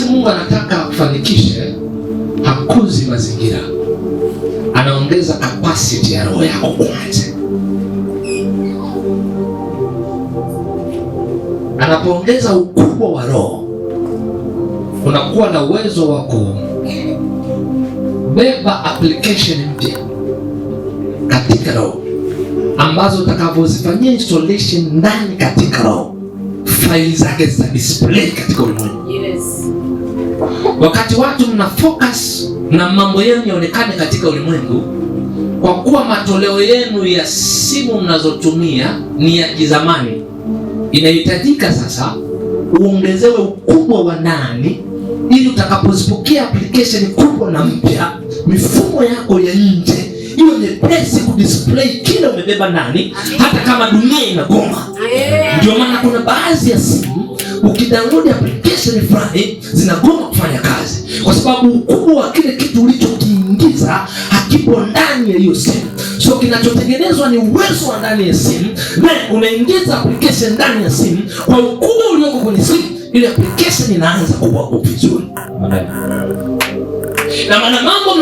wakati Mungu anataka akufanikishe, hakuzi mazingira, anaongeza capacity ya roho yako kwanza. Anapoongeza ukubwa wa roho, unakuwa na uwezo wa kubeba application mpya katika roho ambazo utakavyozifanyia installation ndani katika roho, faili zake zita display katika ulimwengu. Wakati watu mna focus na mambo yenu yaonekane katika ulimwengu, kwa kuwa matoleo yenu ya simu mnazotumia ni ya kizamani, inahitajika sasa uongezewe ukubwa wa ndani, ili utakapozipokea application kubwa na mpya, mifumo yako ya nje iwe nyepesi kudisplay kile umebeba ndani, hata kama dunia inagoma. Ndio maana kuna baadhi ya simu ukidownload application fulani zinagoma kufanya kazi, kwa sababu ukubwa wa kile kitu ulichokiingiza hakipo ndani ya hiyo simu. So kinachotengenezwa ni uwezo wa ndani ya simu, na unaingiza application ndani ya simu kwa ukubwa ulioko kwenye simu, ile application inaanza kuwa vizuri na maana mambo